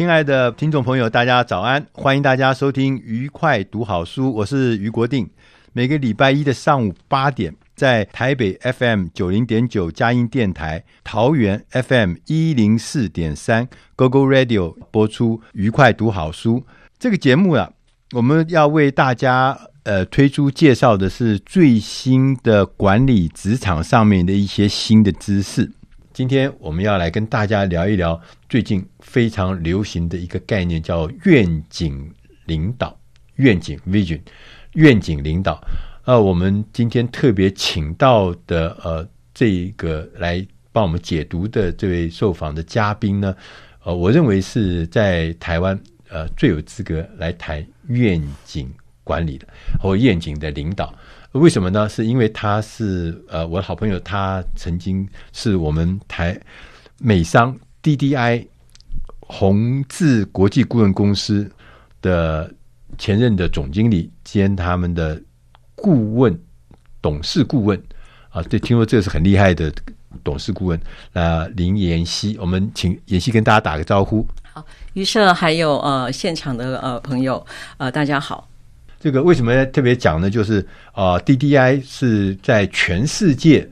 親愛的聽眾朋友，大家早安！歡迎大家收聽《愉快讀好書》，我是於國定。每個禮拜一的上午八點，在台北 FM 九零點九佳音電臺、桃園 FM 一零四點三 GoGo Radio 播出《愉快讀好書》這個節目啊，我們要為大家呃推出介紹的是最新的管理職場上面的一些新的知識。今天我們要來跟大家聊一聊最近非常流行的一個概念，叫願景領導、願景 vision、願景領導。呃，我們今天特別請到的呃這個來幫我們解讀的這位受訪的嘉賓呢，呃，我認為是在台灣呃最有資格來談願景。管理的，和願景的領導，為什麼呢？是因為他是呃，我的好朋友，他曾經是我們台美商 DDI 宏智國際顧問公司的前任的總經理兼他們的顧問董事顧問啊、呃。對，聽說這是很厲害的董事顧問那、呃、林妍希，我們請妍希跟大家打個招呼。好，於是還有呃現場的呃朋友呃，大家好。這個為什麼要特別講呢？就是啊，呃，DDI 是在全世界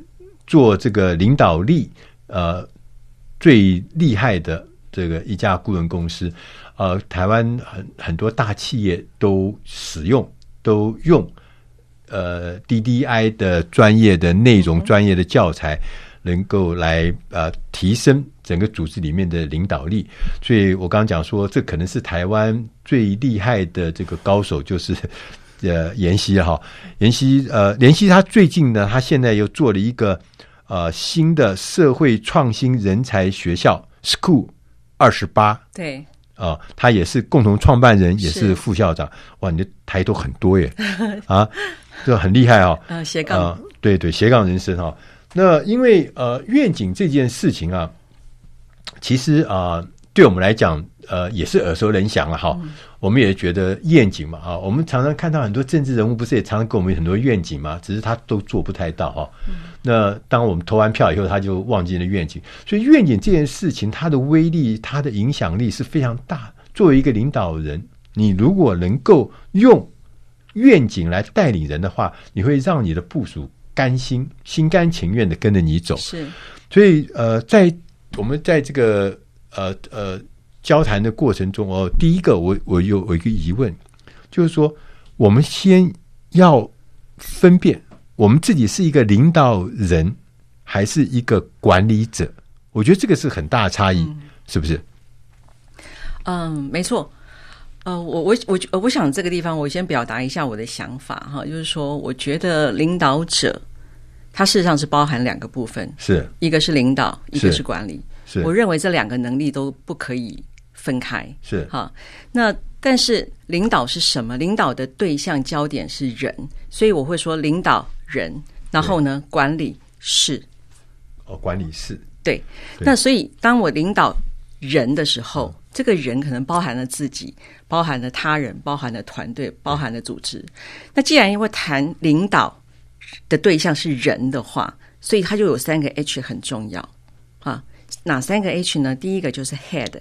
做這個領導力呃最厲害的這個一家顧問公司，呃，台灣很很多大企業都使用都用呃 DDI 的專業的內容、專業的教材，能夠來呃提升。整個組織裡面的領導力，所以我剛剛講說，這可能是台灣最厲害的這個高手，就是呃妍希哈妍希，呃妍希他最近呢，他現在又做了一個呃新的社會創新人才學校 School 二十八。對啊、呃，他也是共同創辦人，也是副校長。哇，你的抬頭很多耶 啊，這很厲害啊、哦。嗯、呃，斜槓、呃、對對，斜槓人生哈、哦，那因為呃願景這件事情啊。其實啊、呃，對我們來講，呃，也是耳熟能詳了、啊、哈、嗯。我們也覺得願景嘛，啊，我們常常看到很多政治人物，不是也常常跟我們有很多願景嘛？只是他都做不太到哈、哦嗯。那當我們投完票以後，他就忘記了願景。所以願景這件事情、嗯，它的威力、它的影響力是非常大。作為一個領導人，你如果能夠用願景來帶領人的話，你會讓你的部屬甘心、心甘情願地跟着你走。是，所以呃，在。我們在這個呃呃交談的過程中哦，第一個我我有我有一個疑問，就是說我們先要分辨我們自己是一個領導人還是一個管理者，我覺得這個是很大的差異，嗯、是不是？嗯，沒錯。呃，我我我我想這個地方，我先表達一下我的想法哈，就是說，我覺得領導者。它事實上是包含兩個部分，是一個是領導，一個是管理是。我認為這兩個能力都不可以分開。是哈，那但是領導是什麼？領導的對象焦點是人，所以我會說領導人，然後呢，管理事。哦，管理事。對。那所以當我領導人的時候、嗯，這個人可能包含了自己，包含了他人，包含了團隊，包含了組織。嗯、那既然因為談領導。的對象是人的話，所以它就有三個 H 很重要哈、啊，哪三個 H 呢？第一個就是 head，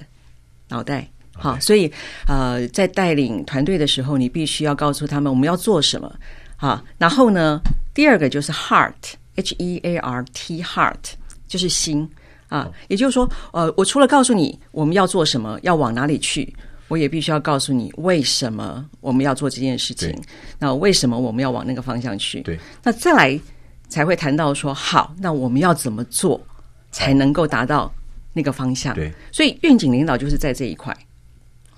腦袋，哈、Okay. 啊，所以呃，在帶領團隊的時候，你必須要告訴他們我們要做什麼啊。然後呢，第二個就是 heart，H E A R T heart 就是心啊，Oh. 也就是說，呃，我除了告訴你我們要做什麼，要往哪裡去。我也必須要告訴你，為什麼我們要做這件事情？那為什麼我們要往那個方向去？那再來才會談到說，好，那我們要怎麼做才能夠達到那個方向？對，所以願景領導就是在這一塊。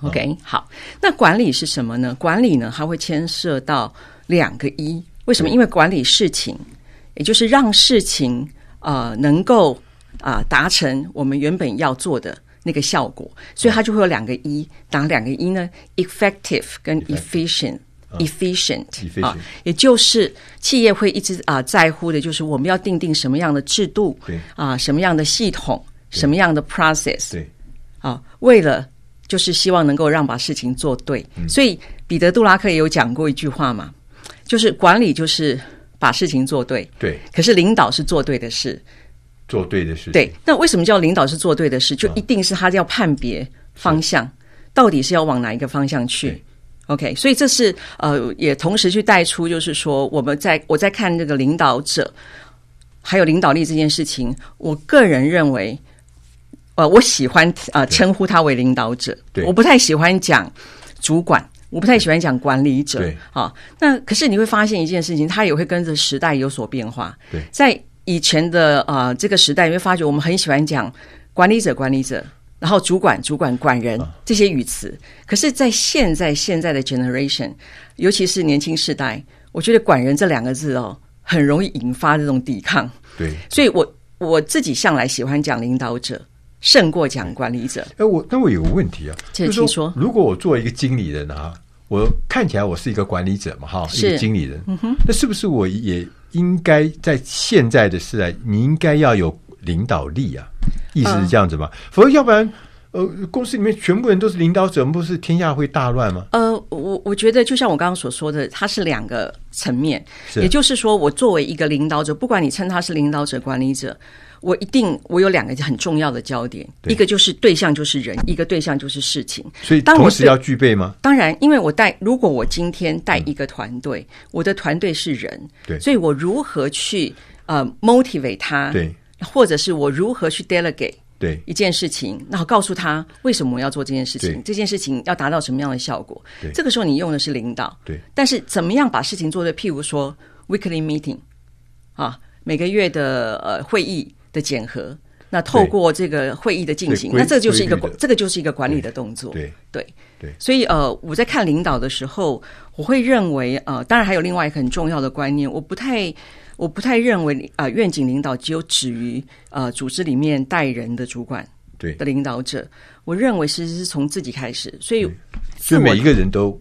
OK，、嗯、好，那管理是什麼呢？管理呢，它會牽涉到兩個一。為什麼、嗯？因為管理事情，也就是讓事情啊、呃、能夠啊達成我們原本要做的。那個效果，所以它就會有兩個 E 哪兩個 E、e、呢，effective 跟 efficient，efficient 啊, Efficient, 啊，也就是企業會一直啊、呃、在乎的，就是我們要訂定什麼樣的制度，啊，什麼樣的系統，什麼樣的 process，啊，為了就是希望能夠讓把事情做對，嗯、所以彼得·杜拉克也有講過一句話嘛，就是管理就是把事情做對，對，可是領導是做對的事。做對的事。對，那為什麼叫領導是做對的事？就一定是他要判別方向，啊，到底是要往哪一個方向去？OK，所以這是呃，也同時去帶出，就是說，我們在我在看這個領導者，還有領導力這件事情，我個人認為，呃，我喜歡呃稱呼他為領導者，對，我不太喜歡講主管，我不太喜歡講管理者對，啊。那可是你會發現一件事情，他也會跟着時代有所變化。對，在。以前的啊、呃、這個時代，你會發覺？我們很喜歡講管理者、管理者，然後主管、主管管人這些語詞、嗯。可是，在現在現在的 generation，尤其是年輕世代，我覺得“管人”這兩個字哦、喔，很容易引發這種抵抗。對，所以我我自己向來喜歡講領導者，勝過講管理者。哎，我那我有個問題啊，就是說，如果我做一個經理人啊，我看起來我是一個管理者嘛，哈，是經理人，嗯哼，那是不是我也？應該在現在的時代，你應該要有領導力啊，意思是這樣子嗎？嗯，否則，要不然，呃，公司裡面全部人都是領導者，不是天下會大亂嗎？呃，我我覺得就像我剛剛所說的，它是兩個層面，也就是說，我作為一個領導者，不管你稱他是領導者、管理者。我一定我有兩個很重要的焦點，一個就是對象就是人，一個對象就是事情。所以同時要具備嗎？當,當然，因為我帶如果我今天帶一個團隊、嗯，我的團隊是人，對，所以我如何去呃 motivate 他，對，或者是我如何去 delegate 對一件事情，然後告訴他為什麼我要做這件事情，這件事情要達到什麼樣的效果，對，這個時候你用的是領導，對，對但是怎麼樣把事情做對？譬如說 weekly meeting 啊，每個月的呃會議。的檢核，那透過這個會議的進行，那這就是一個管，這個就是一個管理的動作。對對，對所以呃，我在看領導的時候，我會認為呃，當然還有另外一個很重要的觀念，我不太我不太認為啊，呃、願景領導只有止於呃，組織裡面帶人的主管對的領導者，我認為其實是從自己開始，所以所以每一個人都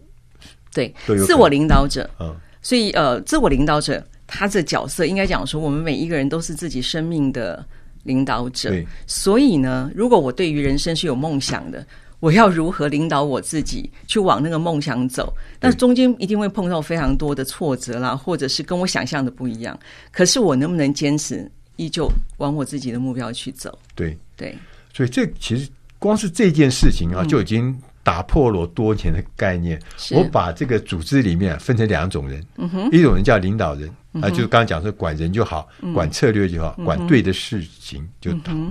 對，都對自我領導者，嗯嗯嗯、所以呃，自我領導者。他這角色應該講說，我們每一個人都是自己生命的領導者。所以呢，如果我對於人生是有夢想的，我要如何領導我自己去往那個夢想走？但中間一定會碰到非常多的挫折啦，或者是跟我想象的不一樣。可是我能不能堅持，依舊往我自己的目標去走？對對，所以這其實光是這件事情啊，就已經，嗯。打破了多年的概念，我把這個組織裡面分成兩種人，嗯，一種人叫領導人啊，嗯呃，就是剛剛講說管人就好，管策略就好，嗯，管對的事情就，嗯。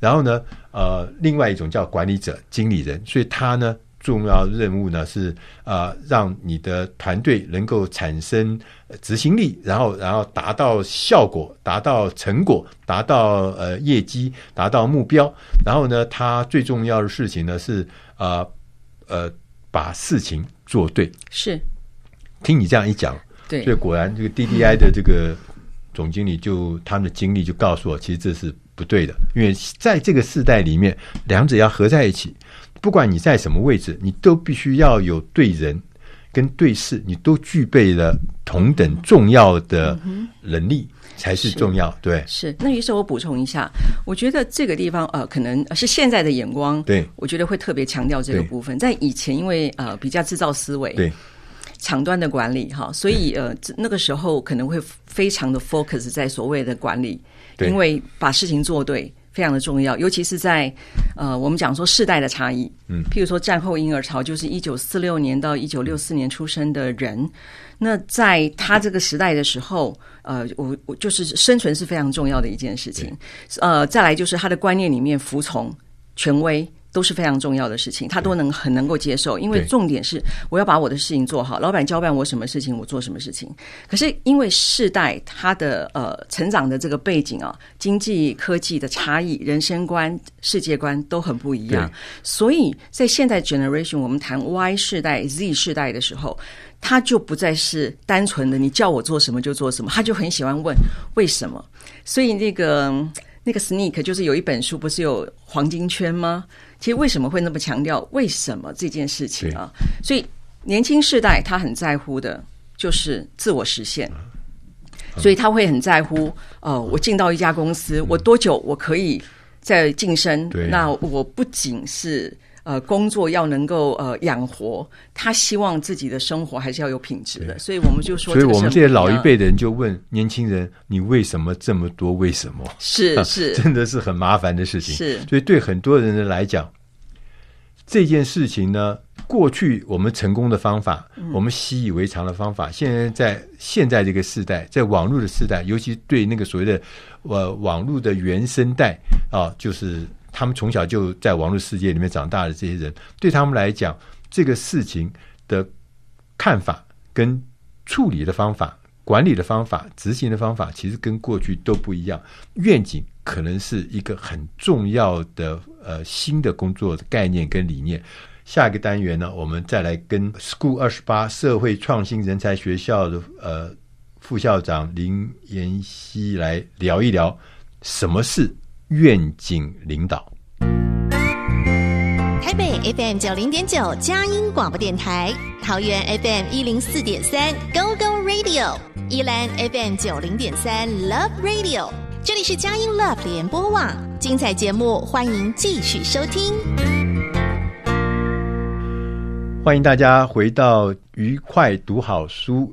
然後呢，呃，另外一種叫管理者、經理人，所以他呢，重要任務呢是呃，讓你的團隊能夠產生執行力，然後，然後達到效果，達到成果，達到呃業績，達到目標。然後呢，他最重要的事情呢是呃……呃，把事情做對是。聽你這樣一講，對，所以果然這個 DDI 的這個總經理就他們的經歷就告訴我，其實這是不對的，因為在這個世代裡面，兩者要合在一起，不管你在什麼位置，你都必須要有對人跟對事，你都具備了同等重要的能力。嗯嗯才是重要是，對。是，那於是我補充一下，我覺得這個地方呃，可能是現在的眼光，對，我覺得會特別強調這個部分。在以前，因為呃比較製造思維，對，廠端的管理哈，所以呃那個時候可能會非常的 focus 在所謂的管理。對，因為把事情做對。非常的重要，尤其是在，呃，我們講說世代的差異，嗯，譬如說戰後嬰兒潮就是一九四六年到一九六四年出生的人，那在他這個時代的時候，呃，我我就是生存是非常重要的一件事情，呃，再來就是他的觀念裡面服從權威。都是非常重要的事情，他都能很能夠接受，因為重點是我要把我的事情做好。老板交辦我什麼事情，我做什麼事情。可是因為世代他的呃成長的這個背景啊，經濟科技的差異，人生觀、世界觀都很不一樣，啊。所以在現代 generation，我們談 Y 世代、Z 世代的時候，他就不再是單純的你叫我做什麼就做什麼，他就很喜歡問為什麼。所以那個那個 Sneak 就是有一本書，不是有黃金圈嗎？其實為什麼會那麼強調？為什麼這件事情啊？所以年輕世代他很在乎的就是自我實現，所以他會很在乎，呃，我進到一家公司，我多久我可以再晉升？那我不僅是。呃，工作要能夠呃養活他，希望自己的生活還是要有品質的，所以我們就說，所以我們這些老一輩的人就問年輕人：“嗯、你為什麼這麼多？為什麼？”是是、啊，真的是很麻煩的事情。是，所以對很多人來講，這件事情呢，過去我們成功的方法，我們習以為常的方法，嗯、現在在現在這個時代，在網絡的時代，尤其對那個所謂的呃網絡的原生代啊，就是。他們從小就在網絡世界裡面長大的這些人，對他們來講，這個事情的看法、跟處理的方法、管理的方法、執行的方法，其實跟過去都不一樣。願景可能是一個很重要的呃新的工作的概念跟理念。下一個單元呢，我們再來跟 School 28社會創新人才學校的呃副校長林妍希來聊一聊什麼是。願景領導。台北 FM 九零點九，佳音廣播電臺；桃園 FM 一零四點三，Go Go Radio；宜蘭 FM 九零點三，Love Radio。這裡是佳音 Love 聯播網，精彩節目，歡迎繼續收聽。歡迎大家回到愉快讀好書。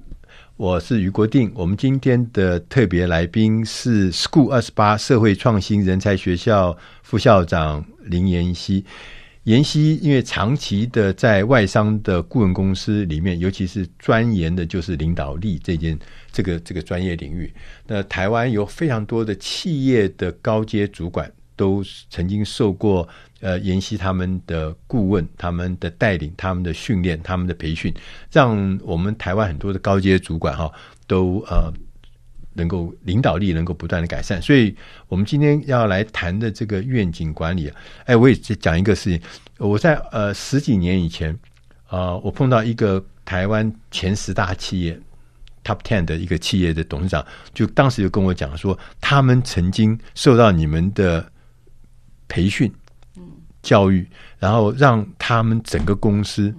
我是於國定，我們今天的特別來賓是 School 28社會創新人才學校副校長林妍希，妍希因為長期的在外商的顧問公司裡面，尤其是鑽研的就是領導力這件這個這個專業領域。那台灣有非常多的企業的高階主管。都曾經受過呃妍希他們的顧問、他們的帶領、他們的訓練、他們的培訓，讓我們台灣很多的高階主管哈，都呃能夠領導力能夠不斷的改善。所以，我們今天要來談的這個願景管理，哎，我也再講一個事情。我在呃十幾年以前啊、呃，我碰到一個台灣前十大企業 Top Ten 的一個企業的董事長，就當時就跟我講說，他們曾經受到你們的培訓、教育，然後讓他們整個公司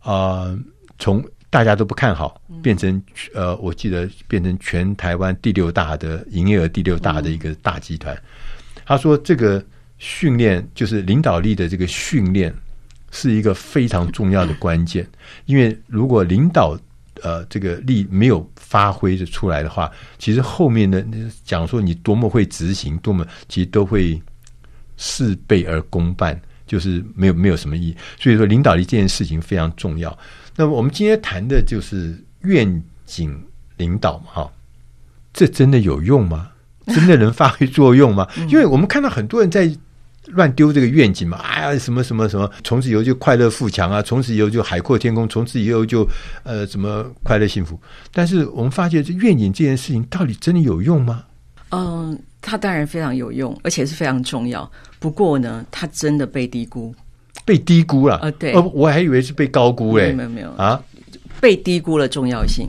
啊，呃，從大家都不看好，變成呃，我記得變成全台灣第六大的營業額第六大的一個大集團。他說，這個訓練就是領導力的這個訓練，是一個非常重要的關鍵。因為如果領導呃這個力沒有發揮的出來的話，其實後面的講說你多麼會執行，多麼其實都會。事倍而功半，就是沒有沒有什麼意義。所以說，領導力這件事情非常重要。那麼，我們今天談的就是願景領導嘛？哈、哦，這真的有用嗎？真的能發揮作用嗎、 嗯？因為我們看到很多人在亂丟這個願景嘛。啊、哎，什麼什麼什麼，從此以後就快樂富強啊，從此以後就海闊天空，從此以後就呃，什麼快樂幸福。但是，我們發覺這願景這件事情，到底真的有用嗎？嗯。他當然非常有用，而且是非常重要。不過呢，他真的被低估，被低估了，啊。呃，對，哦，我還以為是被高估，欸，哎，沒有，沒有，沒有啊，被低估了重要性。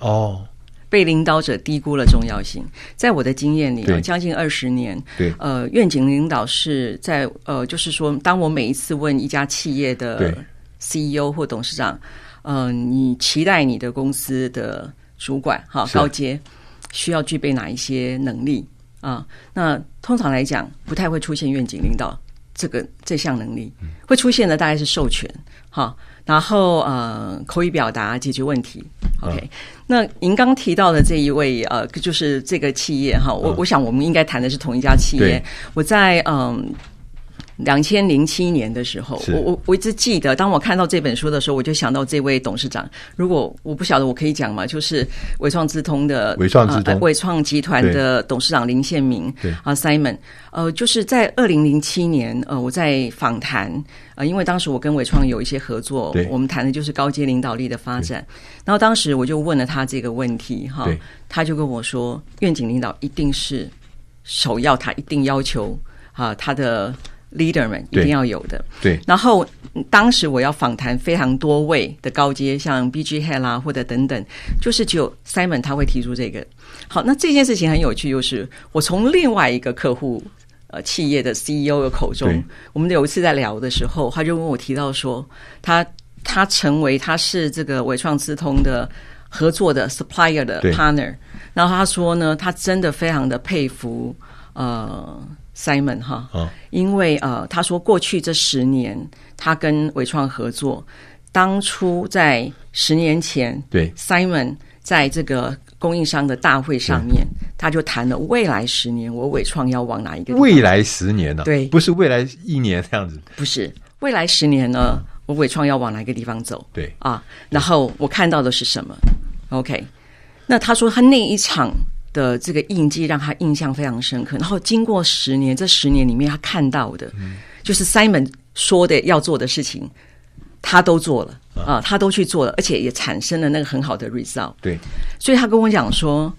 哦，被領導者低估了重要性。在我的經驗裡呢，將近二十年，對，呃，願景領導是在呃，就是說，當我每一次問一家企業的 CEO 或董事長，呃，你期待你的公司的主管哈高階需要具備哪一些能力？啊，那通常來講，不太會出現願景領導這個這項能力，會出現的大概是授權，好、啊，然後呃，口語表達解決問題、啊。OK，那您剛提到的這一位呃，就是這個企業哈、啊，我我想我們應該談的是同一家企業，啊、我在嗯。兩千零七年的時候，我我我一直記得，當我看到這本書的時候，我就想到這位董事長。如果我不曉得，我可以講嗎？就是緯創資通的緯創資通、緯創、呃、集團的董事長林憲銘。對啊，Simon，呃，就是在二零零七年，呃，我在訪談，呃，因為當時我跟緯創有一些合作，我們談的就是高階領導力的發展。然後當時我就問了他這個問題，哈，他就跟我說，願景領導一定是首要，他一定要求啊、呃，他的。Leader 們一定要有的。對。對。然後當時我要訪談非常多位的高階，像 BG Head 啦，或者等等，就是只有 Simon 他會提出這個。好，那這件事情很有趣，就是我從另外一個客戶呃企業的 CEO 的口中，我們有一次在聊的時候，他就跟我提到說，他他成為他是這個緯創資通的合作的 Supplier 的 Partner，然後他說呢，他真的非常的佩服呃。Simon 哈，因為呃，他說過去這十年他跟緯創合作，當初在十年前，對 Simon 在這個供應商的大會上面，嗯、他就談了未來十年我緯創要往哪一個地方走？未來十年呢？對，不是未來一年這樣子，不是未來十年呢、嗯？我緯創要往哪一個地方走？對啊，然後我看到的是什麼？OK，那他說他那一場。的這個印記讓他印象非常深刻。然後經過十年，這十年裡面他看到的，就是 Simon 說的要做的事情，他都做了啊，他都去做了，而且也產生了那個很好的 result。對，所以他跟我講說，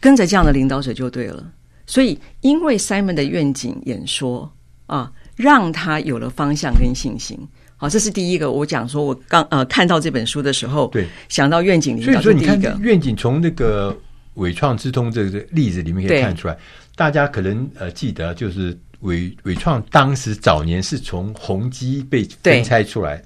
跟着這樣的領導者就對了。所以因為 Simon 的願景演說啊，讓他有了方向跟信心。好，這是第一個。我講說我剛呃看到這本書的時候，對，想到願景領導第一個，所以說你看願景從那個。緯創資通這個例子裡面可以看出來，大家可能呃記得，就是緯緯創當時早年是從宏碁被分拆出來，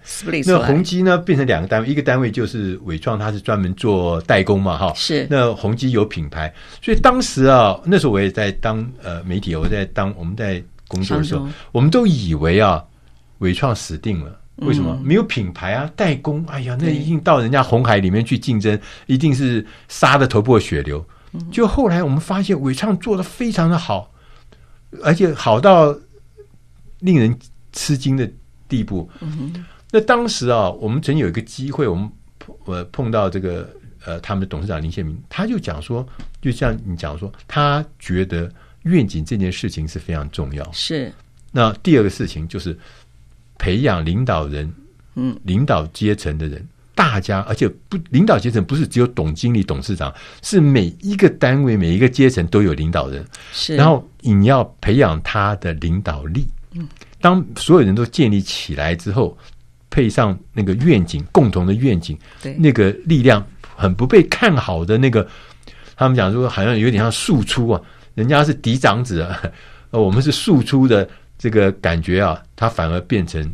那宏碁呢變成兩個單位，一個單位就是緯創，它是專門做代工嘛哈，是那宏碁有品牌，所以當時啊，那時候我也在當呃媒體，我在當我們在工作的時候，我們都以為啊，緯創死定了。為什麼沒有品牌啊？代工，哎呀，那一定到人家紅海裡面去競爭，一定是殺得頭破血流。就後來我們發現緯創做得非常的好，而且好到令人吃驚的地步，嗯。那當時啊，我們曾有一個機會，我們碰碰到這個呃，他們的董事長林憲銘，他就講說，就像你講說，他覺得願景這件事情是非常重要。是。那第二個事情就是。培養領導人，導人，嗯，領導階層的人，大家而且不領導階層不是只有總經理、董事長，是每一個單位、每一個階層都有領導人，是。然後你要培養他的領導力，嗯，當所有人都建立起來之後，配上那個願景，共同的願景，對，那個力量很不被看好的那個，他們講說好像有點像庶出啊，人家是嫡長子啊，我們是庶出的。這個感覺啊，他反而變成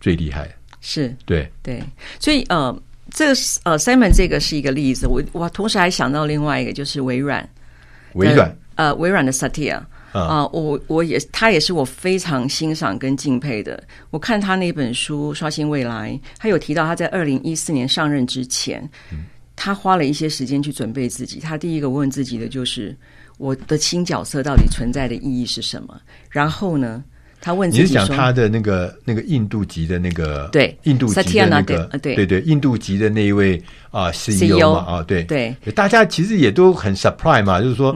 最厲害。是對對，所以呃，這個呃，Simon 這個是一個例子。我我同時還想到另外一個，就是微軟。微軟呃，微軟的 Satya 啊、嗯呃，我我也他也是我非常欣賞跟敬佩的。我看他那本書《刷新未來》，他有提到他在二零一四年上任之前，他花了一些時間去準備自己。他第一個問自己的就是：我的新角色到底存在的意義是什麼？然後呢？他問，你是講他的那個那個印度籍的那個對印度籍的那個 Naten, 對對,對印度籍的那一位啊 CEO 嘛 CEO, 啊對對,對大家其實也都很 surprise 嘛，就是說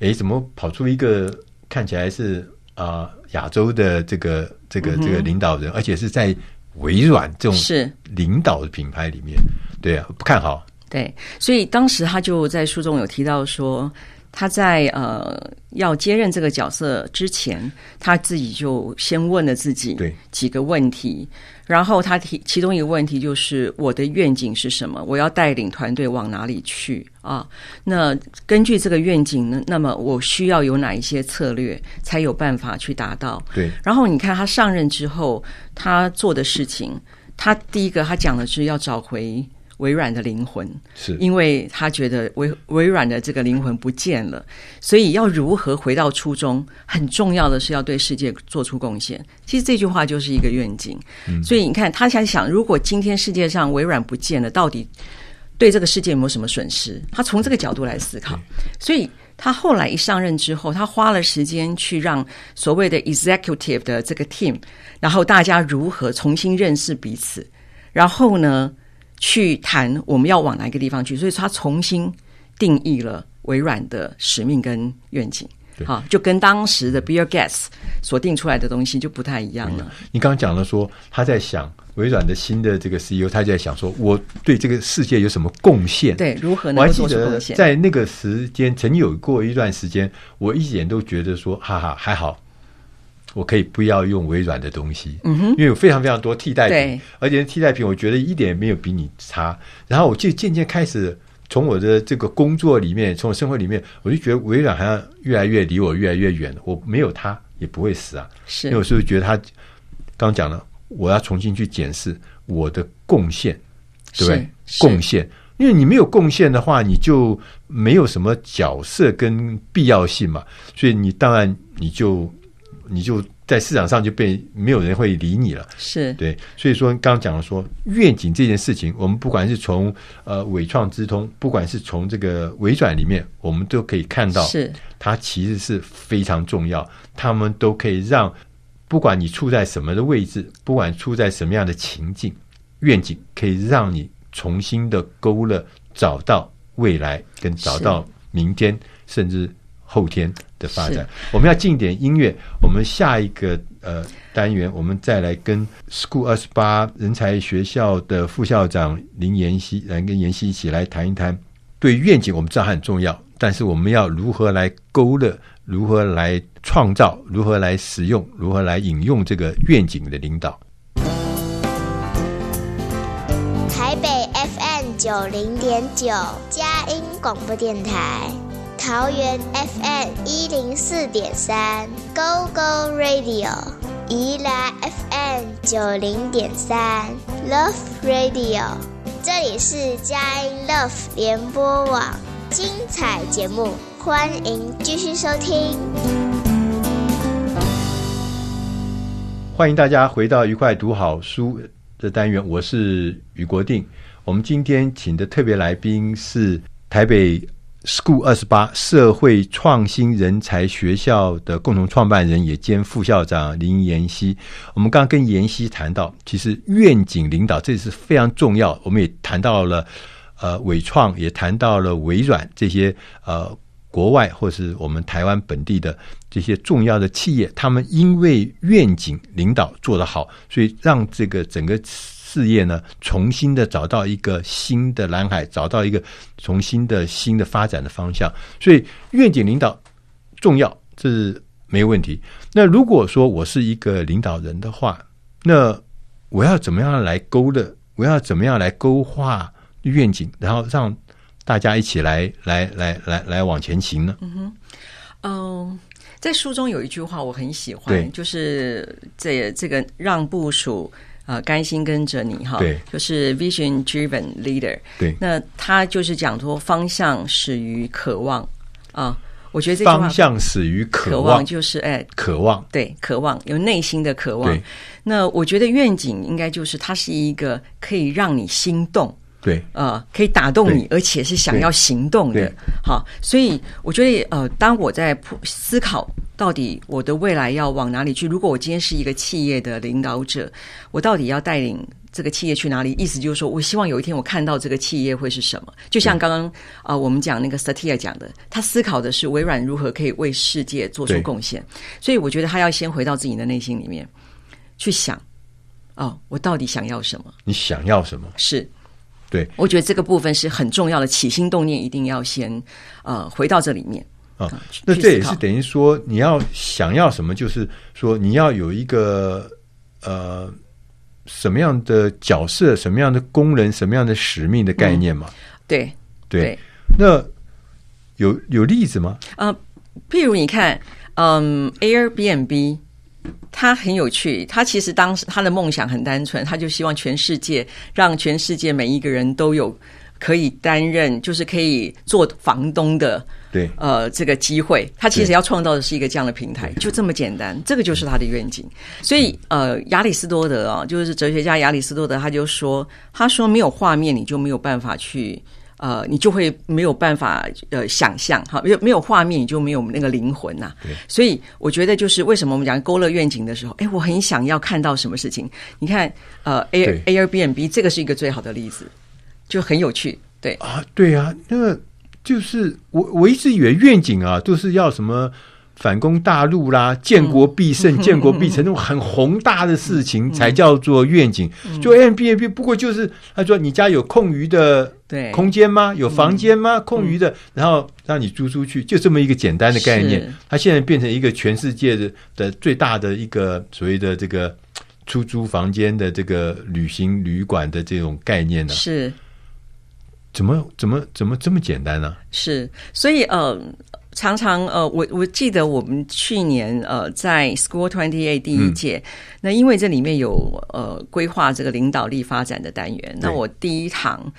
哎、嗯、怎麼跑出一個看起來是啊、呃、亞洲的這個這個這個領導人、嗯，而且是在微軟這種是領導的品牌裡面，對啊不看好對，所以當時他就在書中有提到說。他在呃要接任這個角色之前，他自己就先問了自己幾個問題，然後他提其中一個問題就是我的願景是什麼？我要帶領團隊往哪裡去啊？那根據這個願景呢，那麼我需要有哪一些策略才有辦法去達到？對，然後你看他上任之後他做的事情，他第一個他講的是要找回。微軟的靈魂，是因為他覺得微微軟的這個靈魂不見了，所以要如何回到初衷，很重要的是要對世界做出貢獻。其實這句話就是一個願景。嗯、所以你看，他想想，如果今天世界上微軟不見了，到底對這個世界有沒有什麼損失？他從這個角度來思考、嗯。所以他後來一上任之後，他花了時間去讓所謂的 executive 的這個 team，然後大家如何重新認識彼此，然後呢，去談我們要往哪一個地方去，所以他重新定義了微軟的使命跟願景，對，好，就跟當時的 Bill Gates 所定出來的東西就不太一樣了。嗯，你剛剛講了說，他在想微軟的新的這個 CEO，他就在想說，我對這個世界有什麼貢獻？對，如何能夠做出貢獻？我還記得在那個時間，曾經有過一段時間，我一點都覺得說，哈哈，還好。我可以不要用微軟的東西，嗯，因為有非常非常多替代品，而且替代品我覺得一點也沒有比你差。然後我就漸漸開始從我的這個工作裡面，從我生活裡面，我就覺得微軟好像越來越離我越來越遠。我沒有它也不會死啊，是因為我是不是覺得它。剛，嗯，講了，我要重新去檢視我的貢獻，對不對？貢獻，因為你沒有貢獻的話，你就沒有什麼角色跟必要性嘛，所以你當然你就。你就在市場上就被沒有人會理你了。是對，所以說剛剛講了說願景這件事情，我們不管是從呃緯創資通，不管是從這個偉轉裡面，我們都可以看到，是它其實是非常重要。他們都可以讓，不管你處在什麼的位置，不管處在什麼樣的情境，願景可以讓你重新的勾勒，找到未來，跟找到明天，甚至後天。我們要進一點音樂。我們下一個呃單元，我們再來跟 School 二十八人才學校的副校長林妍希，來跟妍希一起來談一談。對願景，我們知道很重要，但是我們要如何來勾勒，如何來創造，如何來使用，如何來引用這個願景的領導。台北 FM 九零點九，佳音廣播電台。桃園 FM 一零四點三，Go Go Radio；宜蘭 FM 九零點三，Love Radio。這裡是佳音 Love 聯播網，精彩節目，歡迎繼續收聽。歡迎大家回到愉快讀好書的單元，我是宇國定。我們今天請的特別來賓是台北。School 28社會創新人才學校的共同創辦人也兼副校長林妍希。我們剛跟妍希談到，其實願景領導這是非常重要，我們也談到了呃偉創，也談到了微軟這些呃國外或是我們台灣本地的這些重要的企業，他們因為願景領導做得好，所以讓這個整個。事業呢，重新的找到一個新的藍海，找到一個重新的新的發展的方向。所以願景領導重要，這是沒問題。那如果說我是一個領導人的話，那我要怎麼樣來勾勒？我要怎麼樣來勾畫願景？然後讓大家一起來，來來來來往前行呢？嗯哼，嗯，uh，在書中有一句話我很喜歡，就是這這個讓部屬。啊，甘心跟着你哈，對，就是 vision driven leader。對，那他就是講說方向始於渴望啊，我覺得這個方向始於渴望，渴望就是哎，渴望，對，渴望有內心的渴望。那我覺得願景應該就是它是一個可以讓你心動。對，呃，可以打動你，而且是想要行動的。好，所以我覺得，呃，當我在思考到底我的未來要往哪裡去，如果我今天是一個企業的領導者，我到底要帶領這個企業去哪裡？意思就是說，我希望有一天我看到這個企業會是什麼。就像剛剛啊，我們講那個 Satya 講的，他思考的是微軟如何可以為世界做出貢獻。所以我覺得他要先回到自己的內心裡面去想，哦、呃，我到底想要什麼？你想要什麼？是。對，我覺得這個部分是很重要的，起心動念一定要先呃回到這裡面啊。那這也是等於說你要想要什麼， 就是說你要有一個呃，什麼樣的角色、什麼樣的功能、什麼樣的使命的概念嘛？嗯、對對，對，那有有例子嗎？啊、呃，譬如你看，嗯、呃、Airbnb。他很有趣，他其實當時他的夢想很單純，他就希望全世界讓全世界每一個人都有可以擔任，就是可以做房東的，對，呃，這個機會。他其實要創造的是一個這樣的平台，就這麼簡單，這個就是他的願景。所以，呃，亞里斯多德啊，就是哲學家亞里斯多德，他就說，他說沒有畫面，你就沒有辦法去。呃，你就會沒有辦法呃想象哈，沒有沒有畫面，你就沒有那個靈魂吶、啊。所以我覺得就是為什麼我們講勾勒願景的時候，哎，我很想要看到什麼事情？你看，呃，Airbnb 這個是一個最好的例子，就很有趣。對啊，對啊，那就是我我一直以為願景啊，就是要什麼反攻大陸啦，建國必勝，嗯、建國必成那種很宏大的事情才叫做願景。嗯、就 Airbnb，不過就是他說你家有空餘的。對空間嗎？有房間嗎、嗯？空餘的，然後讓你租出去，嗯、就這麼一個簡單的概念。它現在變成一個全世界的的最大的一個所謂的這個出租房間的這個旅行旅館的這種概念、啊、是？怎麼怎麼怎麼這麼簡單呢、啊？是，所以呃，常常呃，我我記得我們去年呃，在 School Twenty Eight 第一屆、嗯，那因為這裡面有呃規劃這個領導力發展的單元，那我第一堂。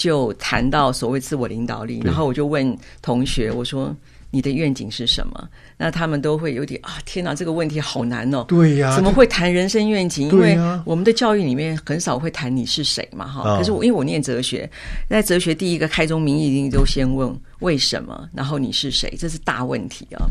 就談到所謂自我領導力，然後我就問同學：“我說你的願景是什麼？”那他們都會有點啊，天哪、啊，這個問題好難哦。對呀、啊，怎麼會談人生願景？啊、因為我們的教育裡面很少會談你是誰嘛，哈、啊。可是我因為我念哲學，在哲學第一個開宗明義一定都先問為什麼，然後你是誰，這是大問題啊、哦。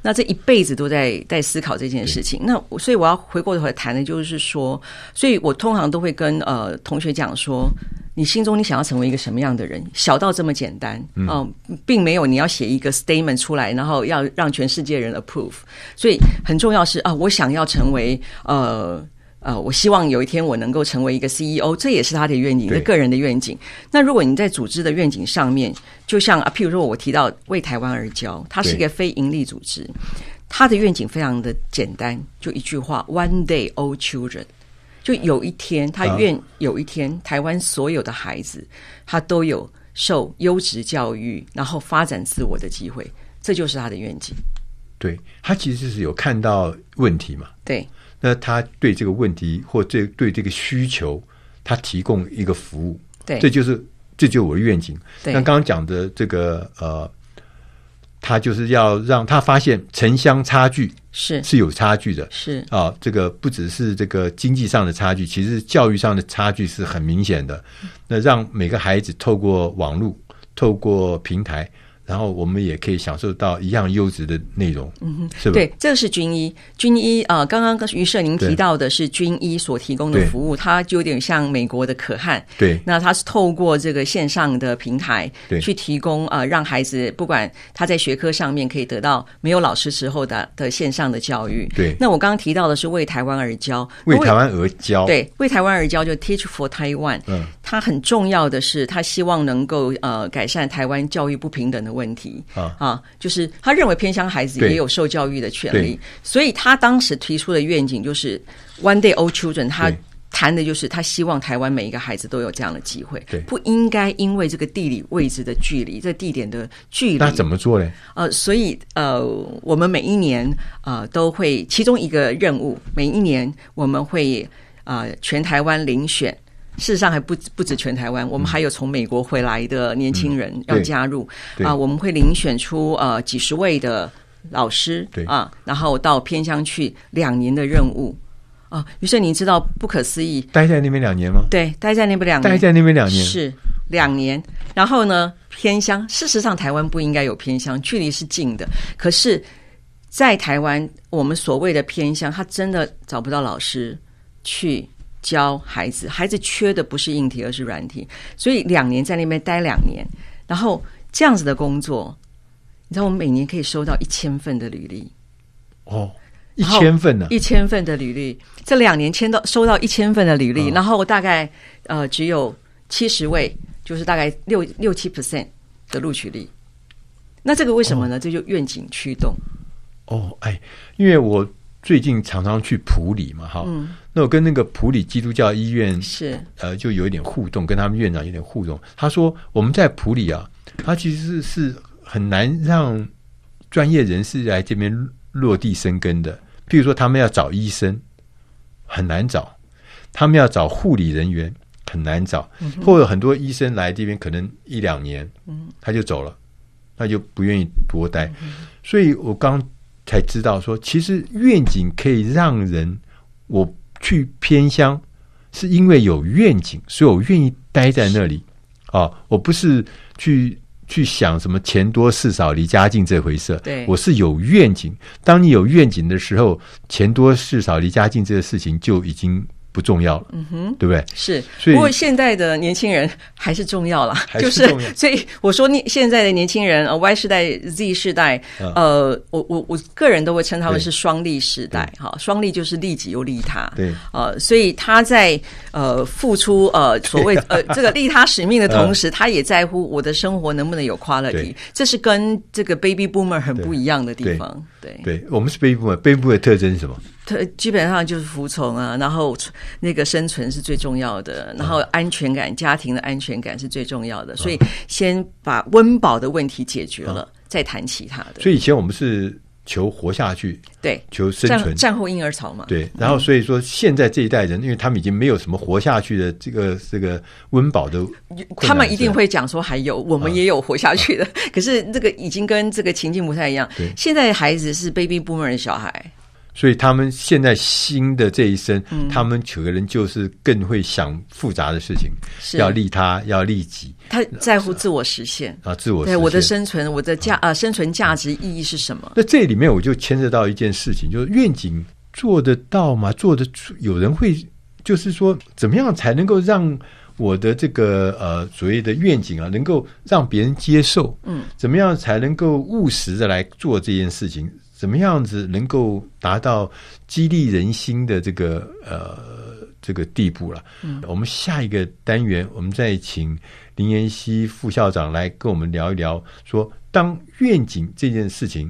那這一輩子都在在思考這件事情。那所以我要回過頭來談的就是說，所以我通常都會跟呃同學講說。你心中你想要成為一個什麼樣的人？小到這麼簡單，嗯、呃，並沒有你要寫一個 statement 出來，然後要讓全世界人 approve。所以很重要是啊，我想要成為呃呃，我希望有一天我能夠成為一個 CEO，這也是他的願景，他的個人的願景。那如果你在組織的願景上面，就像啊，譬如說我提到為台灣而教，它是一個非營利組織，它的願景非常的簡單，就一句話：One day all children。就有一天，他願有一天，台灣所有的孩子，他都有受優質教育，然後發展自我的機會，這就是他的願景。對，他其實是有看到問題嘛。對，那他對這個問題或這對這個需求，他提供一個服務，對，這就是這就是我的願景。對，那剛剛講的這個呃。他就是要讓他發現城鄉差距是是有差距的，是啊，這個不只是這個經濟上的差距，其實教育上的差距是很明顯的。那讓每個孩子透過網絡，透過平台。然後我們也可以享受到一樣優質的內容，嗯哼，是吧？對，這個是軍醫，軍醫啊、呃，剛剛跟於社寧提到的是軍醫所提供的服務，它就有點像美國的可汗，對，那它是透過這個線上的平台去提供啊、呃，讓孩子，不管他在學科上面可以得到沒有老師時候的的線上的教育，對。那我剛剛提到的是為台灣而教，為，為台灣而教，對，為台灣而教就 Teach for Taiwan，嗯，它很重要的是，它希望能夠呃改善台灣教育不平等的問題啊，就是他認為偏鄉孩子也有受教育的權利，所以他當時提出的願景就是 One Day All Children。他談的就是他希望台灣每一個孩子都有這樣的機會，對，不應該因為這個地理位置的距離、這地點的距離，那怎麼做呢？呃，所以呃，我們每一年啊、呃、都會其中一個任務，每一年我們會啊、呃、全台灣遴選。事實上還不止不止全台灣，我們還有從美國回來的年輕人要加入、嗯、啊！我們會遴選出呃幾十位的老師，啊對啊，然後到偏鄉去兩年的任務、啊、於是你知道，不可思議，待在那邊兩年嗎？對，待在那邊兩年，待在那邊兩年。是兩年。然後呢，偏鄉，事實上台灣不應該有偏鄉，距離是近的。可是，在台灣，我們所謂的偏鄉，他真的找不到老師去。教孩子，孩子缺的不是硬體，而是軟體。所以兩年在那邊待兩年，然後這樣子的工作，你知道，我們每年可以收到一千份的履歷。哦，一千份呢、啊？一千份的履歷，這兩年簽到收到一千份的履歷，哦、然後我大概呃只有七十位，就是大概六六七 percent 的錄取率。那這個為什麼呢、哦？這就願景驅動。哦，哎，因為我最近常常去埔里嘛，哈。嗯那我跟那個普里基督教醫院是呃，就有一點互動，跟他們院長有點互動。他說我們在普里啊，他其實是很難讓專業人士來這邊落地生根的。譬如說，他們要找醫生很難找，他們要找護理人員很難找，或者很多醫生來這邊可能一兩年，他就走了，他就不願意多待。所以我剛才知道說，其實願景可以讓人我。去偏鄉，是因為有願景，所以我願意待在那裡。啊，我不是去去想什麼錢多事少離家近這回事。對，我是有願景。當你有願景的時候，錢多事少離家近這個事情就已經。不重要了，嗯哼，對不對？是，所以不過現在的年輕人還是重要了，還是重要，就是所以我說，現在的年輕人呃 Y 世代、Z 世代、嗯，呃，我我我個人都會稱他們是雙利世代，哈，雙利就是利己又利他，對，呃，所以他在呃付出呃所謂呃這個利他使命的同時、嗯，他也在乎我的生活能不能有 quality，這是跟這個 baby boomer 很不一樣的地方。對，對我們是被迫嘛，被迫的特徵是什麼？基本上就是服從啊，然後那個生存是最重要的，然後安全感、嗯、家庭的安全感是最重要的，嗯、所以先把溫飽的問題解決了，嗯、再談其他的。所以以前我們是。求活下去，對，求生存。戰後嬰兒潮嘛，對。然後所以說，現在這一代人、嗯，因為他們已經沒有什麼活下去的這個這個溫飽的，他們一定會講說還有、嗯，我們也有活下去的、嗯。可是這個已經跟這個情境不太一樣。嗯、現在孩子是 baby boomer 的小孩。所以他們現在新的這一生，嗯、他們求人就是更會想複雜的事情，是要利他，要利己，他在乎自我實現啊，自我實現，對，我的生存，我的價啊、呃，生存價值意義是什麼？嗯嗯、那這裡面我就牽扯到一件事情，就是願景做得到嗎？做得出？有人會就是說，怎麼樣才能夠讓我的這個呃所謂的願景啊，能夠讓別人接受？嗯，怎麼樣才能夠務實的來做這件事情？怎麼樣子能夠達到激勵人心的這個呃這個地步了，嗯？我們下一個單元，我們再請林妍希副校長來跟我們聊一聊，說當願景這件事情，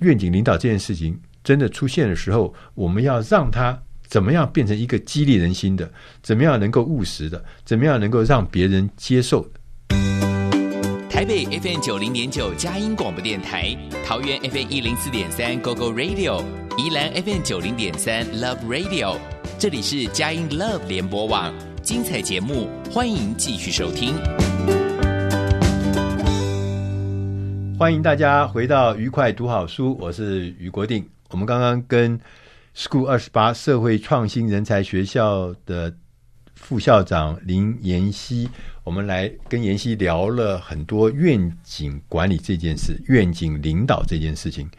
願景領導這件事情真的出現的時候，我們要讓他怎麼樣變成一個激勵人心的，怎麼樣能夠務實的，怎麼樣能夠讓別人接受的？FM 九零點九佳音廣播電台，桃園 FM 一零四點三 GoGo Radio，宜蘭 FM 九零點三 Love Radio，這裡是佳音 Love 聯播網，精彩節目，歡迎繼續收聽。歡迎大家回到愉快讀好書，我是於國定。我們剛剛跟 School 二十八社會創新人才學校的副校長林妍希，我們來跟妍希聊了很多願景管理這件事，願景領導這件事情。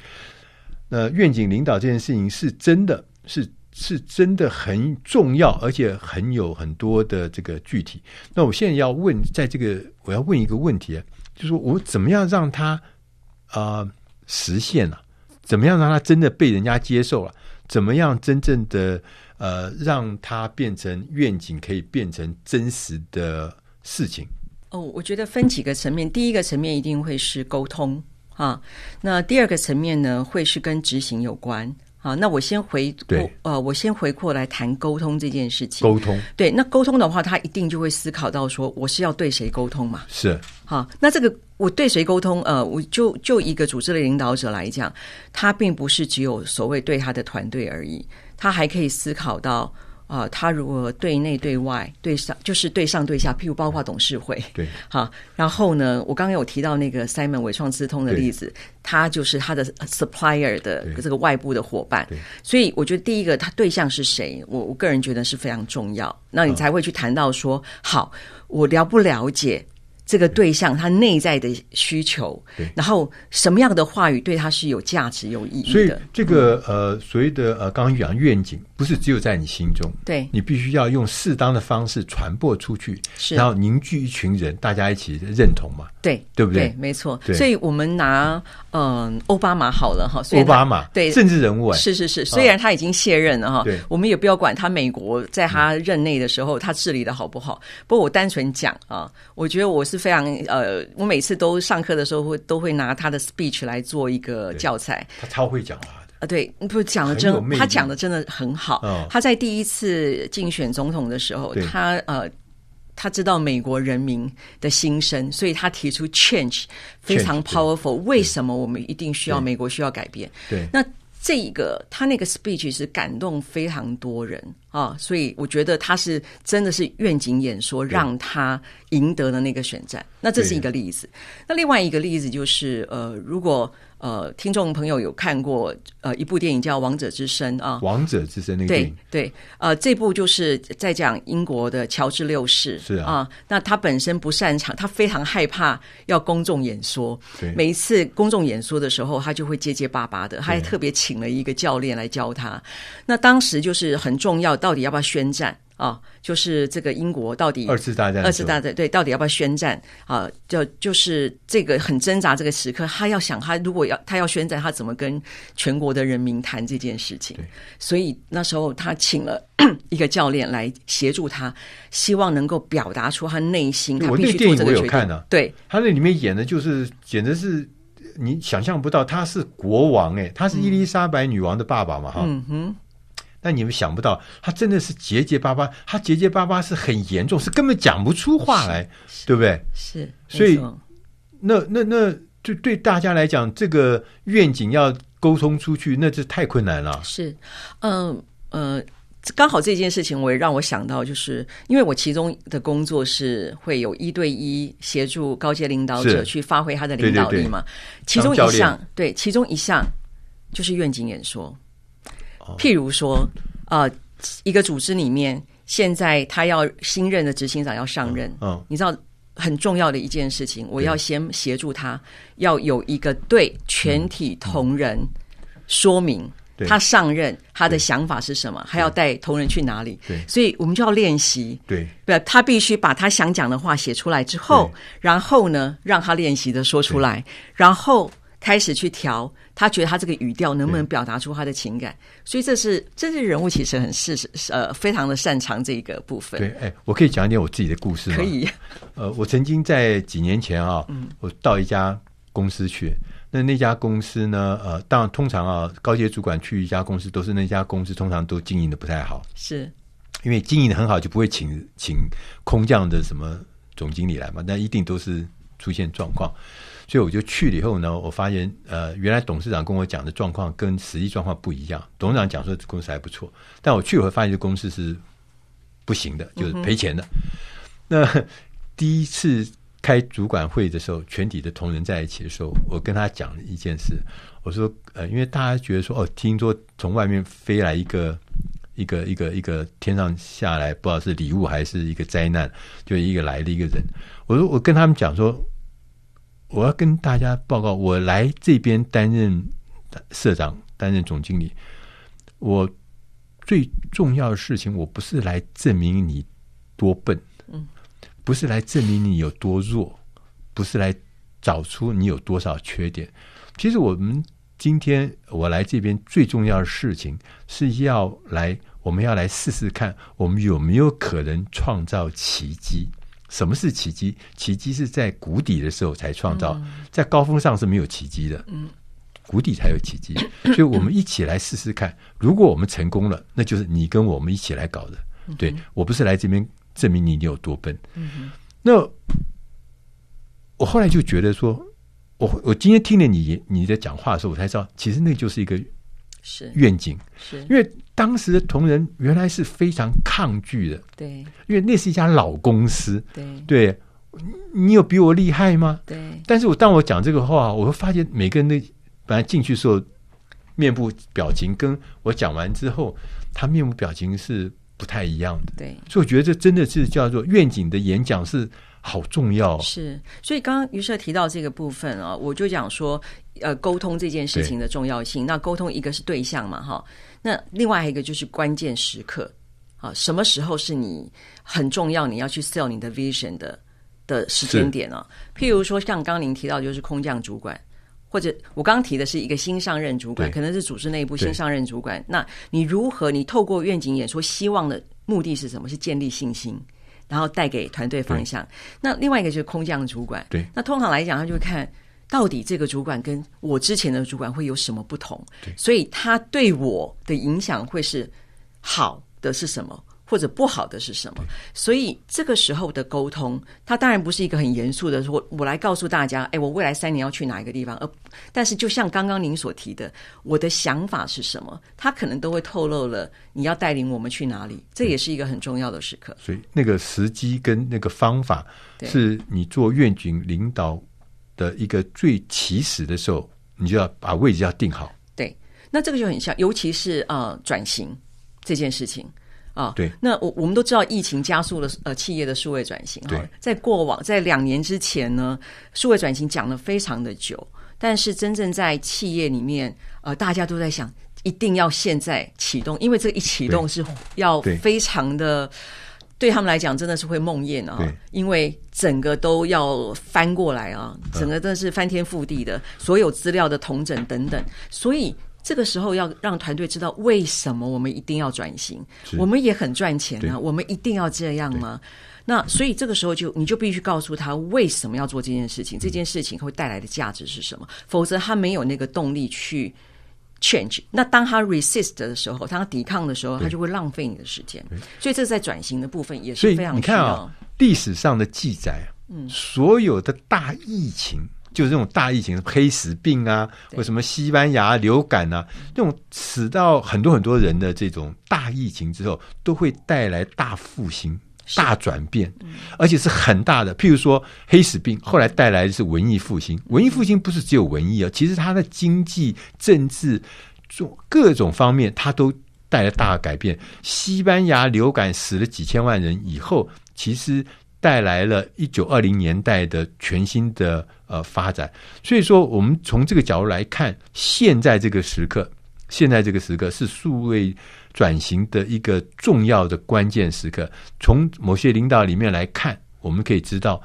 那願景領導這件事情是真的是是真的很重要，而且很有很多的這個具體。那我現在要問，在這個我要問一個問題就是我怎麼樣讓他啊、呃、實現了、啊？怎麼樣讓他真的被人家接受了、啊？怎麼樣真正的？呃，讓他變成願景，可以變成真實的事情。哦，我覺得分幾個層面，第一個層面一定會是溝通啊。那第二個層面呢，會是跟執行有關啊。那我先回過呃，我先回過來談溝通這件事情。溝通對，那溝通的話，他一定就會思考到說，我是要對誰溝通嘛？是。好，那這個我對誰溝通？呃，我就就一個組織的領導者來講，他並不是只有所謂對他的團隊而已。他還可以思考到啊、呃，他如果對內、對外、對上，就是對上對下，譬如包括董事會，對好、啊。然後呢，我剛剛有提到那個 Simon 偉創智通的例子，他就是他的 supplier 的這個外部的夥伴對對。所以我覺得第一個他對象是誰，我我個人覺得是非常重要。那你才會去談到說，啊、好，我了不了解。這個對象他內在的需求對，然後什麼樣的話語對他是有價值有意義，所以這個呃、嗯、所謂的呃，剛剛講願景，不是只有在你心中，對，你必須要用適當的方式傳播出去是，然後凝聚一群人，大家一起認同嘛？對，對不對？對，沒錯。所以我們拿嗯呃、歐巴馬，好了哈，歐巴馬，對政治人物是是是，雖然他已經卸任了哈、哦哦，我們也不要管他美國在他任內的時候、嗯、他治理的好不好。不過我單純講啊，我覺得我。是非常呃，我每次都上課的時候會都會拿他的 speech 來做一個教材。他超會講話的啊、呃，對，不是講的真，他講的真的很好、哦。他在第一次競選總統的時候，他呃，他知道美國人民的心聲，所以他提出 change 非常 powerful。為什麼我們一定需要美國需要改變？對，對那。這一個他那個 speech 是感動非常多人啊，所以我覺得他是真的是願景演說，讓他贏得了那個選戰，那這是一個例子。那另外一個例子就是呃，如果。呃，聽眾朋友有看過呃一部電影叫《王者之聲》啊，《王者之聲》那個對對，呃，這部就是在講英國的喬治六世，是啊，啊那他本身不擅長，他非常害怕要公眾演說對，每一次公眾演說的時候，他就會結結巴巴的，他還特別請了一個教練來教他。那當時就是很重要，到底要不要宣戰？啊、哦，就是這個英國到底二次，二次大戰，二次大戰對，到底要不要宣戰啊、呃？就就是這個很掙扎這個時刻，他要想，他如果要他要宣戰，他怎麼跟全國的人民談這件事情？所以那時候他請了一個教練來協助他，希望能夠表達出他內心。對我對電影我有看啊，對，他那裡面演的就是簡直是你想象不到，他是國王哎、欸嗯，他是伊麗莎白女王的爸爸嘛哈。嗯哼。那你們想不到，他真的是結結巴巴，他結結巴巴是很嚴重，是根本講不出話來，對不對？是，是所以，那那那，就對大家來講，這個願景要溝通出去，那這太困難了。是，嗯、呃、嗯、呃，剛好這件事情我也讓我想到，就是因為我其中的工作是會有一對一協助高階領導者去發揮他的領導力嘛，對對對，其中一項，對，其中一項就是願景演說。譬如說，啊、呃，一個組織裡面，現在他要新任的執行長要上任，哦哦、你知道很重要的一件事情，我要先協助他，要有一個對全體同仁說明他上任、嗯嗯、他的想法是什麼，還要帶同仁去哪裡，對，所以我們就要練習，對，不，他必須把他想講的話寫出來之後，然後呢，讓他練習的說出來，然後。開始去調，他覺得他這個語調能不能表達出他的情感，所以這是政治人物其實很是，呃非常的擅長這一個部分。對，哎、欸，我可以講一點我自己的故事嗎？可以。呃，我曾經在幾年前啊，嗯，我到一家公司去，那、嗯、那家公司呢，呃，當然通常啊，高階主管去一家公司都是那家公司通常都經營的不太好，是因為經營的很好就不會請請空降的什麼總經理來嘛，那一定都是出現狀況。所以我就去了以後呢，我發現呃，原來董事長跟我講的狀況跟實際狀況不一樣。董事長講說公司還不錯，但我去以後發現公司是不行的，就是賠錢的。那第一次開主管會的時候，全體的同仁在一起的時候，我跟他講一件事，我說呃，因為大家覺得說哦，聽說從外面飛來一個一個一個一個一個天上下來，不知道是禮物還是一個災難，就一個來了一個人。我說我跟他們講說。我要跟大家報告，我來這邊擔任社長，擔任總經理。我最重要的事情，我不是來證明你多笨，不是來證明你有多弱，不是來找出你有多少缺點。其實我們今天我來這邊最重要的事情，是要來，我們要來試試看，我們有沒有可能創造奇蹟。什麼是奇蹟？奇蹟是在谷底的時候才創造，嗯，在高峰上是沒有奇蹟的，嗯，谷底才有奇蹟。所以，我們一起來試試看咳咳，如果我們成功了，那就是你跟我們一起來搞的。嗯、對，我不是來這邊證明你你有多笨，嗯哼。那我後來就覺得說，我我今天聽了你你在講話的時候，我才知道，其實那就是一個願景，是，是因為。當時的同仁原來是非常抗拒的，對，因為那是一家老公司，對，對你有比我厲害嗎？對，但是我當我講這個話，我會發現每個人的本來進去的時候面部表情，跟我講完之後，他面部表情是不太一樣的，對，所以我覺得這真的是叫做願景的演講是好重要，是，所以剛剛於社提到這個部分啊、哦，我就講說，呃，溝通這件事情的重要性，那溝通一個是對象嘛，哈。那另外一個就是關鍵時刻，啊，什麼時候是你很重要，你要去 sell 你的 vision 的的時間點呢、哦？譬如說，像剛您提到，就是空降主管，或者我剛提的是一個新上任主管，可能是組織內部新上任主管，那你如何你透過願景演說，希望的目的是什麼？是建立信心，然後帶給團隊方向、嗯。那另外一個就是空降主管，對，那通常來講，他就會看。嗯到底這個主管跟我之前的主管會有什麼不同？所以他對我的影響會是好的是什麼，或者不好的是什麼？所以這個時候的溝通，他當然不是一個很嚴肅的說，我來告訴大家，哎，我未來三年要去哪一個地方？而但是就像剛剛您所提的，我的想法是什麼？他可能都會透露了你要帶領我們去哪裡，這也是一個很重要的時刻。嗯，所以那個時機跟那個方法是你做願景領導。的一個最起始的時候，你就要把位置要定好。對，那這個就很像，尤其是呃轉型這件事情啊、呃。對，那我我們都知道疫情加速了呃企業的數位轉型。對，在過往在兩年之前呢，數位轉型講了非常的久，但是真正在企業裡面呃大家都在想，一定要現在啟動，因為這一啟動是要非常的。對他們來講，真的是會夢魘啊！因為整個都要翻過來啊，整個都是翻天覆地的，所有資料的統整等等。所以這個時候要讓團隊知道為什麼我們一定要轉型，我們也很賺錢啊，我們一定要這樣嗎？那所以這個時候就你就必須告訴他為什麼要做這件事情，這件事情會帶來的價值是什麼，否則他沒有那個動力去。Change，那當他 resist 的時候，當他抵抗的時候，他就會浪費你的時間。所以，這在轉型的部分也是非常。你看啊，歷史上的記載啊，嗯，所有的大疫情，就是這種大疫情，黑死病啊，或什麼西班牙流感啊，這種死到很多很多人的這種大疫情之後，都會帶來大復興。大轉變，而且是很大的。譬如說，黑死病後來帶來的是文藝復興。文藝復興不是只有文藝啊，其實它的經濟、政治、各種方面，它都帶來大的改變。西班牙流感死了幾千萬人以後，其實帶來了一九二零年代的全新的呃發展。所以說，我們從這個角度來看，現在這個時刻，現在這個時刻是數位轉型的一個重要的關鍵時刻，從某些領導裡面來看，我們可以知道，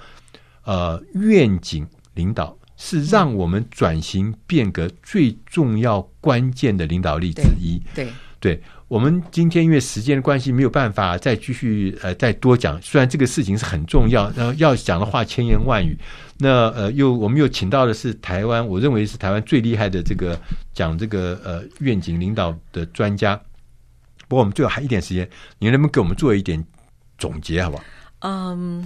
呃，願景領導是讓我們轉型變革最重要關鍵的領導力之一。對，對，對，我們今天因為時間的關係沒有辦法再繼續呃再多講，雖然這個事情是很重要，然後要講的話千言萬語，那呃又我們又請到的是台灣，我認為是台灣最厲害的這個講這個呃願景領導的專家。不過我們最後還一點時間，你能不能給我們做一點總結，好不好？嗯、um，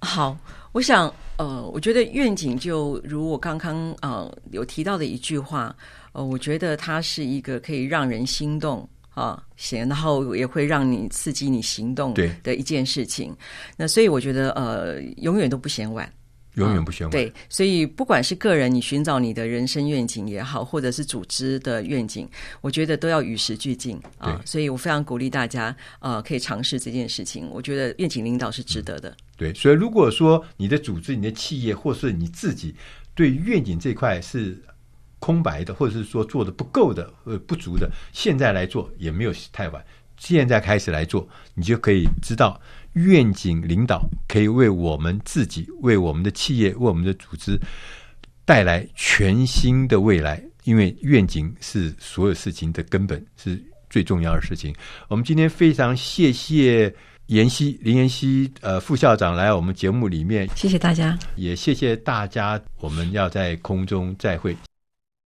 好，我想，呃，我覺得願景就如我剛剛啊、呃、有提到的一句話，呃，我覺得它是一個可以讓人心動啊，行、呃，然，然後也會讓你刺激你行動對的一件事情。那所以我覺得，呃，永遠都不嫌晚。永遠不需要、嗯、對，所以不管是個人你尋找你的人生願景也好，或者是組織的願景，我覺得都要與時俱進啊。所以我非常鼓勵大家啊、呃，可以嘗試這件事情。我覺得願景領導是值得的、嗯。對，所以如果說你的組織、你的企業，或是你自己對願景這塊是空白的，或者是說做的不夠的、呃，不足的，現在來做也沒有太晚。現在開始來做，你就可以知道。願景領導可以為我們自己、為我們的企業、為我們的組織帶來全新的未來，因為願景是所有事情的根本，是最重要的事情。我們今天非常謝謝妍希，林妍希呃副校長來我們節目裡面，謝謝大家，也謝謝大家。我們要在空中再會。